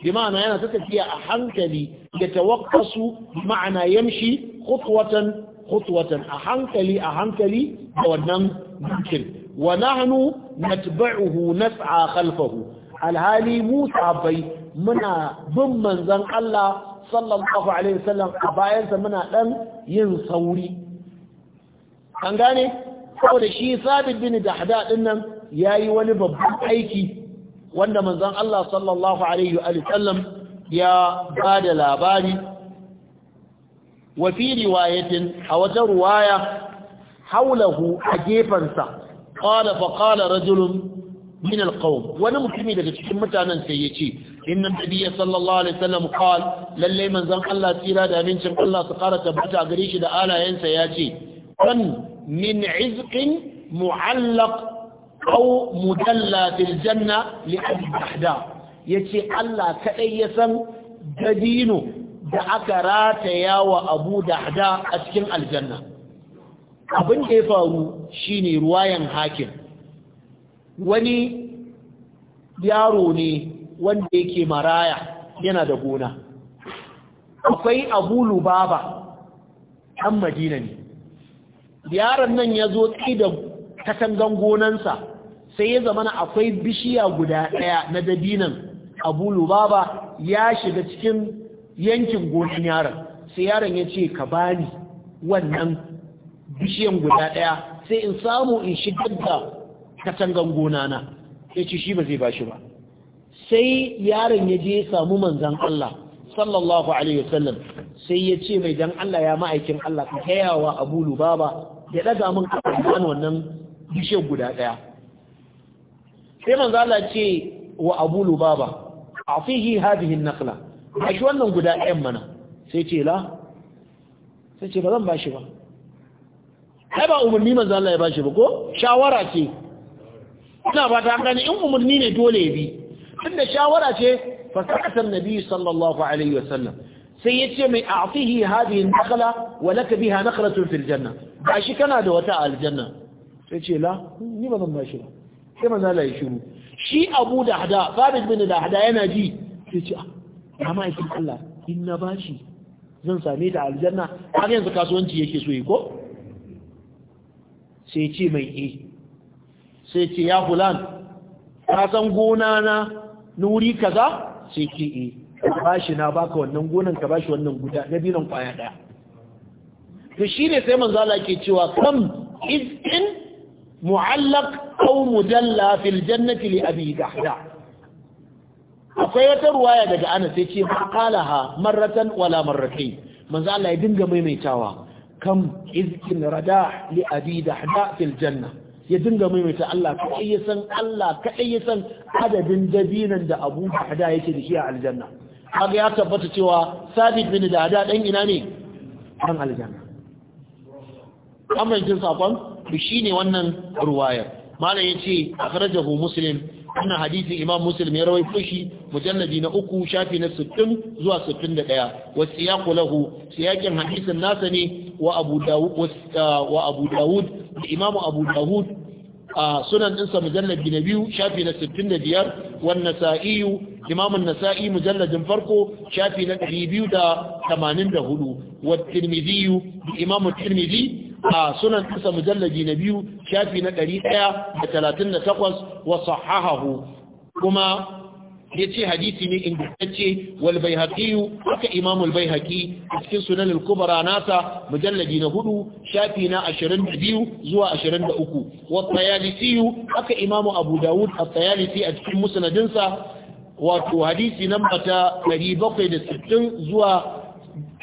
bi yana ta tafiya a hankali ya tawakasu ma'ana yamshi watan. khutwatan a hankali a hankali da wannan dukkin wa nahnu natba'uhu nas'a khalfahu alhali mu sabai muna bin manzon Allah sallallahu alaihi wasallam a bayansa muna dan yin sauri an gane saboda shi sabit bin dahda din nan yayi wani babban aiki wanda manzon Allah sallallahu alaihi wa sallam ya bada labari wa riwayatin a wata ruwaya haulahu a gefansa qala fa qala rajulun min alqawm wani mutumi daga cikin mutanen sai yace inna nabiyya sallallahu alaihi wasallam qala lalle manzon Allah tsira da amincin Allah su fara tabbata gare shi da alayensa yace kan min izqin mu'allaq aw mudalla fil janna li abi Ya yace Allah kadai ya san dabino da aka rataya wa abu da Hada a cikin aljanna abin da ya faru shine ruwayan hakim wani yaro ne wanda yake maraya yana da gona akwai abu lubaba ɗan madina ne yaron nan ya zo tsaye da katangan gonansa sai ya zamana akwai bishiya guda ɗaya na dabinan abu lubaba ya shiga cikin yankin gonan yaron sai yaron ya ce ka bani wannan bishiyan guda ɗaya sai in samu in shigar da katangan gona na sai ce shi ba zai bashi ba sai yaron ya je samu manzan Allah sallallahu alaihi wasallam sai ya ce mai dan Allah ya ma'aikin Allah ka kayawa Abu Lubaba ya daga min kan wannan bishiyar guda ɗaya sai manzo Allah ce wa Abu Lubaba a afihi hadhihi an naqla ba shi wannan guda ɗayan mana sai ce la sai ce ba zan ba shi ba ai ba umarni manzo Allah ya ba shi ba ko shawara ce ina ba ta gani in umarni ne dole ya bi tunda shawara ce fa sakata annabi sallallahu alaihi wasallam sai ya ce mai a'tihi hadhihi nakhla wa lak biha nakhlatun fil janna ba shi kana da wata aljanna sai ce la ni ba zan ba shi ba sai manzo Allah ya shiru shi Abu Dahda Thabit bin hada yana ji sai ce ah, Na ma'aikin Allah in na bashi zan same ta aljanna har yanzu kasuwanci yake so yi ko sai ce mai e sai ce ya fulan ka san gona na nuri kaza sai ke e eh. bashi na baka wannan gonan ka bashi wannan guda na binan kwaya daya to shine sai manzo Allah ke cewa kam izin mu'allaq aw mujalla fil jannati li abi dahda akwai wata ruwaya daga anas ya ce ma qalaha marratan wala marratayn manzo Allah ya dinga maimaitawa kam izkin rada li abi dahda fil janna ya dinga maimaita Allah kai ya san Allah kai ya san adadin dabinan da Abu Dahda yake da shi a aljanna kaga ya tabbata cewa Sabit bin Dahda dan ina ne dan aljanna amma jin sakon shi ne wannan ruwayar malam yace akhrajahu muslim wannan hadisin imam muslim ya rawaito shi mujalladi na uku shafi na sittin zuwa sittin 61 wa siyaqu lahu siyakin hadisin nasa ne wa abu dawud wa ah, abu dawud imam abu dawud a sunan ɗinsa mujalladi na biyu shafi na sittin 65 wan nasa'i imam an-nasa'i mujalladin farko shafi na ɗari biyu da da tamanin hudu. wa da imam tirmidhi a sunan ɗinsa mujallabi na biyu shafi na ɗari ɗaya da talatin da takwas wa sahahahu kuma ya ce hadisi ne ingantacce wal bai haƙiyu aka imamul bai haƙi a cikin sunan al-kubara nasa mujallabi na hudu shafi na ashirin da biyu zuwa ashirin da uku wa tsayalisiyu haka imamu abu dawud a tsayalisi a cikin musanadinsa wato hadisi nan da 760 zuwa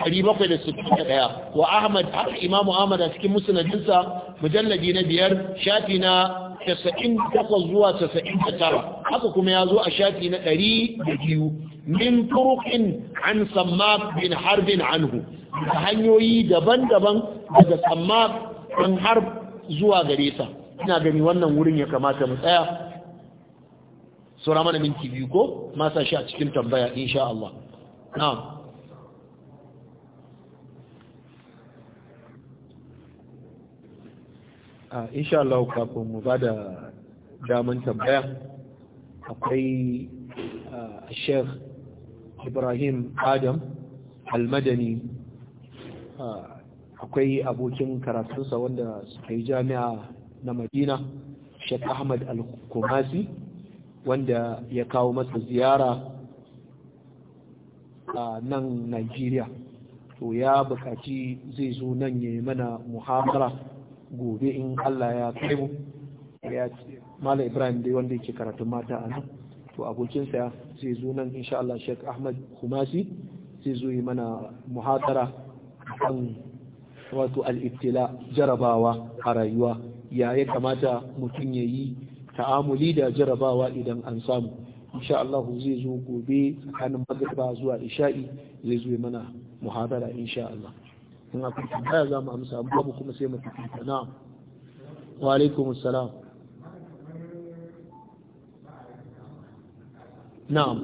761 wa Ahmad haka Imam Ahmad a cikin musnadinsa mujalladi na biyar shafi na 98 zuwa 99 haka kuma ya zo a shafi na 102 min turuqin an Sammab bin Harbin anhu da hanyoyi daban-daban daga Sammab bin Harb zuwa gare sa ina gani wannan wurin ya kamata mu tsaya sura mana minti biyu ko ma sa shi a cikin tambaya insha Allah na'am a Allah kafin mu ba da daman tambaya akwai a sheikh ibrahim adam almadani akwai abokin karatunsa wanda suka yi jami'a na madina sheikh ahmad al-kumasi wanda ya kawo masa ziyara a nan nigeria to ya bukaci zai zo nan ya yi mana muhammara gobe in Allah ya kai mu ya ce Mala Ibrahim dai wanda yake karatun mata a nan to abokinsa zai zo nan insha Allah Sheikh Ahmad Kumasi zai zo yi mana muhadara kan wato al-ibtila jarabawa a rayuwa ya ya kamata mutum ya yi ta'amuli da jarabawa idan an samu insha Allah zai zo gobe tsakanin magriba zuwa isha'i zai zo mana muhadara insha Allah in akwai tambaya za mu amsa babu kuma sai mu tafi na'am wa alaikum assalam na'am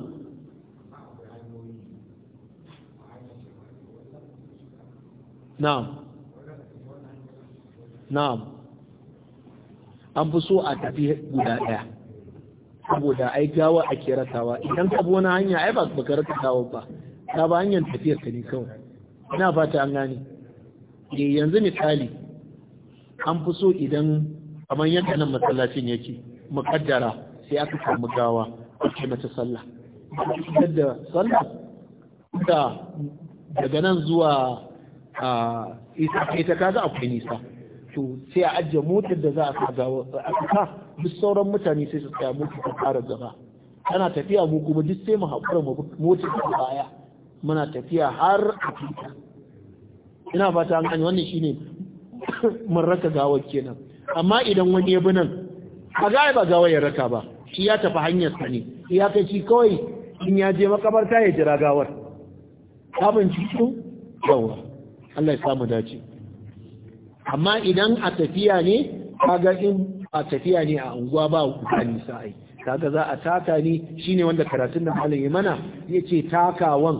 na'am na'am an fi so a tafi guda ɗaya saboda ai gawa ake ratawa idan ka wani hanya ai ba ka rasa gawa ba ta ba hanyar tafiyar ka ne kawai ina fata an gani. Eh, yanzu misali an fi so idan kamar yadda nan matsalacin yake makaddara sai aka samu gawa ake mata sallah da sallah da daga nan zuwa isa kai ta kaga akwai nisa to sai a ajiye motar da za a sa gawa a sa duk sauran mutane sai su tsaya motar ta fara gaba ana tafiya mu kuma duk sai mu haƙura motar ta baya muna tafiya har a fita ina fata an wannan shine mun raka gawar kenan amma idan wani ya bi nan a ga ba gawar ya raka ba shi ya tafi hanyar sa ne ya kai shi kawai in ya je makabarta ya jira gawar kafin cikin yawa Allah ya samu dace amma idan a tafiya ne kaga in a tafiya ne a unguwa ba wuta nisa ai kaga za a taka ne shine wanda karatun da malam ya mana yace takawan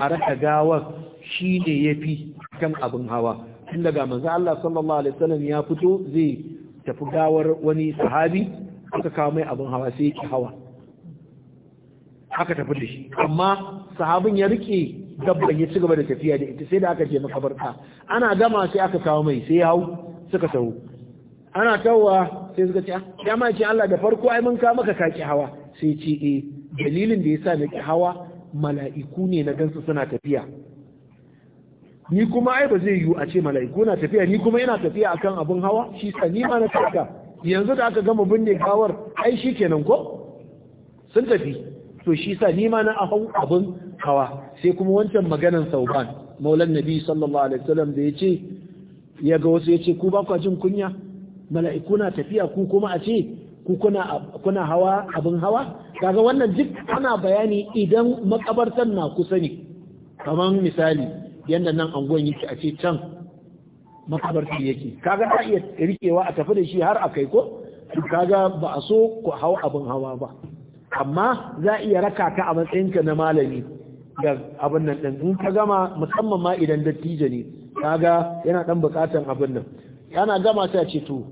a raka gawar ya fi. kan abin hawa tun daga manzo Allah sallallahu alaihi wasallam ya fito zai tafi gawar wani sahabi aka kawo mai abin hawa sai yake hawa aka tafi da shi amma sahabin ya rike dabban ya ci gaba da tafiya da ita sai da aka je makabarta ana gama sai aka kawo mai sai ya hau suka taho ana tawowa sai suka ce ah, ya ma ce Allah da farko ai mun ka maka kaki hawa sai ce eh dalilin da yasa nake hawa mala'iku ne na gansu suna tafiya ni kuma ai ba zai yiwu a ce mala'iku na tafiya ni kuma ina tafiya akan abin hawa shi sa ni ma na taka yanzu da aka gama binne gawar ai shi kenan ko sun tafi to shi sa ni ma na ahau abin hawa sai kuma wancan maganan sauban maulan nabi sallallahu alaihi wasallam da yace ya ga wasu yace ku ba ku jin kunya mala'iku na tafiya ku kuma a ce ku kuna kuna hawa abin hawa kaga wannan duk ana bayani idan makabartan na kusa ne kaman misali yadda nan anguwan yake a ce can makabarci yake kaga ta iya rikewa a tafi da shi har a kai ko kaga ba a so ku hau abin hawa ba amma za a iya raka ka a matsayinka na malami ga abin nan din in ka gama musamman ma idan dattijo ne kaga yana ɗan bukatan abin nan yana gama ta ce to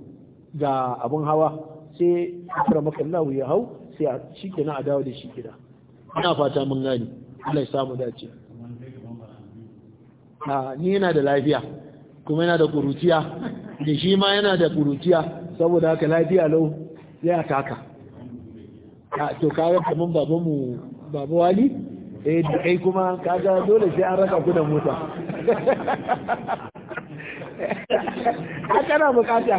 ga abin hawa sai kira maka ya hau sai a kenan a dawo da shi gida ina fata mun gani Allah ya samu dace ni yana da lafiya kuma yana da kuruciya da shi ma yana da kuruciya saboda haka lafiya lau ya taka to kaga babu babanmu babu wali eh da kai kuma kaga dole sai an raka ku da mota a kana bukata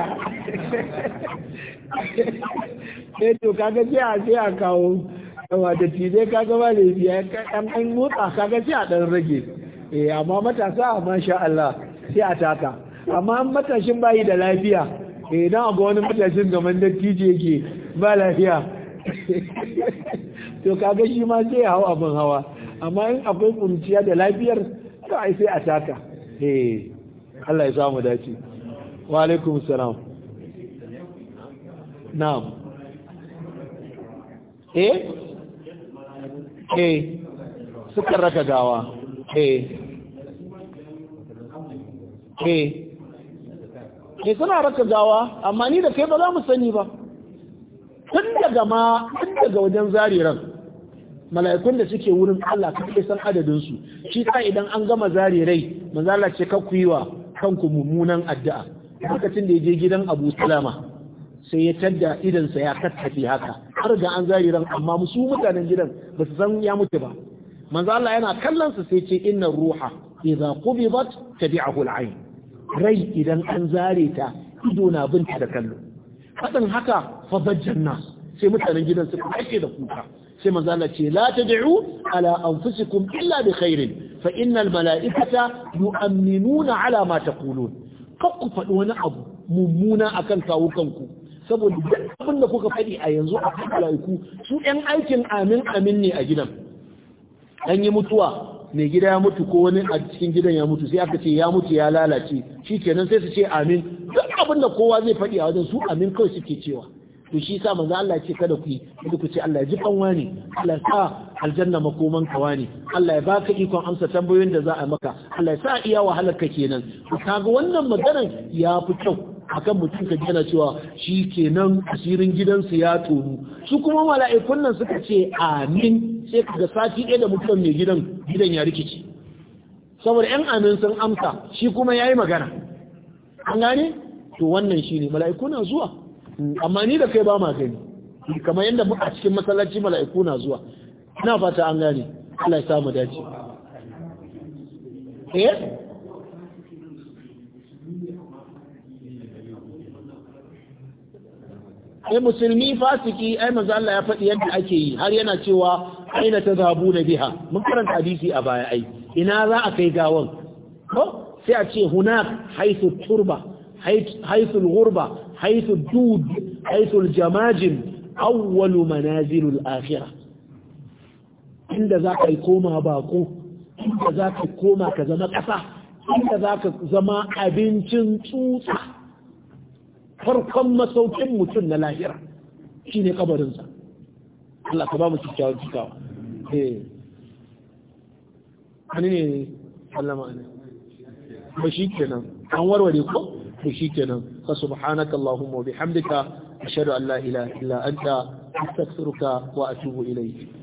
eh to kaga sai a sai a kawo yawa da tide kaga ba laifi an an motsa kaga sai a dan rage eh amma matasa masha Allah sai a taka amma matashin bayi da lafiya eh dan ga wani matashin gaman tije yake ba lafiya to kaga shi ma sai ya hau abin hawa amma in akwai kunciya da lafiyar to ai sai a taka eh Allah ya samu dace wa alaikum salam na'am eh eh sukar raka gawa ke ke suna raka gawa amma ni da kai ba za mu sani ba tun daga ma tun daga wajen zariran mala'ikun da suke wurin Allah ka kai san adadin su shi ta idan an gama zarirai manzo Allah ce ka kuyiwa kanku mummunan addu'a lokacin da je gidan Abu Salama sai ya tadda idan sa ya tattafi haka har ga an zariran amma musu mutanen gidan ba su san ya mutu ba manzo Allah yana kallon su sai ce inna ruha idza qubidat tabi'ahu al-ayn rai idan an zare ta ido na binta da kallo fadin haka fa bajjanna sai mutanen gidan suka kake da kuka sai manzo Allah ce la tad'u ala anfusikum illa bi khairin fa innal mala'ikata yu'minuna ala ma taqulun ku faɗi wani abu mummuna akan kawo kanku saboda duk abin da kuka faɗi a yanzu a kan su yan aikin amin amin ne a gidan an yi mutuwa mai gida ya mutu ko wani a cikin gidan ya mutu sai aka ce ya mutu ya lalace shi kenan sai su ce amin duk abin da kowa zai faɗi a wajen su amin kawai suke cewa to shi sa manzo Allah ya ce kada ku yi kada ku ce Allah ya ji kan wani. Allah ya sa aljanna makoman ka wani. Allah ya baka ikon amsa tambayoyin da za a maka Allah ya sa iya wahalar ka kenan ka ga wannan maganar ya fi kyau akan mutum ka gina cewa shi ke nan asirin gidansu ya tonu su kuma mala'ikun nan suka ce amin sai ga sati ɗaya da mutum mai gidan gidan ya rikici saboda yan amin sun amsa shi kuma ya yi magana an gane to wannan shi ne mala'iku na zuwa amma ni da kai ba ma gani kamar yadda a cikin masallaci mala'iku na zuwa ina fata an gane Allah ya samu dace eh ai musulmi fasiki ai manzo Allah ya faɗi yadda ake yi har yana cewa aina na biha mun karanta hadisi a baya ai ina za a kai gawan ko sai a ce hunak haythu turba haythu al-ghurba haythu dud haythu al awwal manazil al inda za ka koma bako inda za ka koma ka zama ƙasa inda za ka zama abincin tsutsa farkon masaukin mutum na lahira shi ne kabarinsa Allah ka ba mu kyakkyawar cikawa eh wani ne Allah ma'ana ba shi an warware ko to shi kenan subhanaka allahumma bihamdika ashhadu an la ilaha illa anta astaghfiruka wa atubu ilayk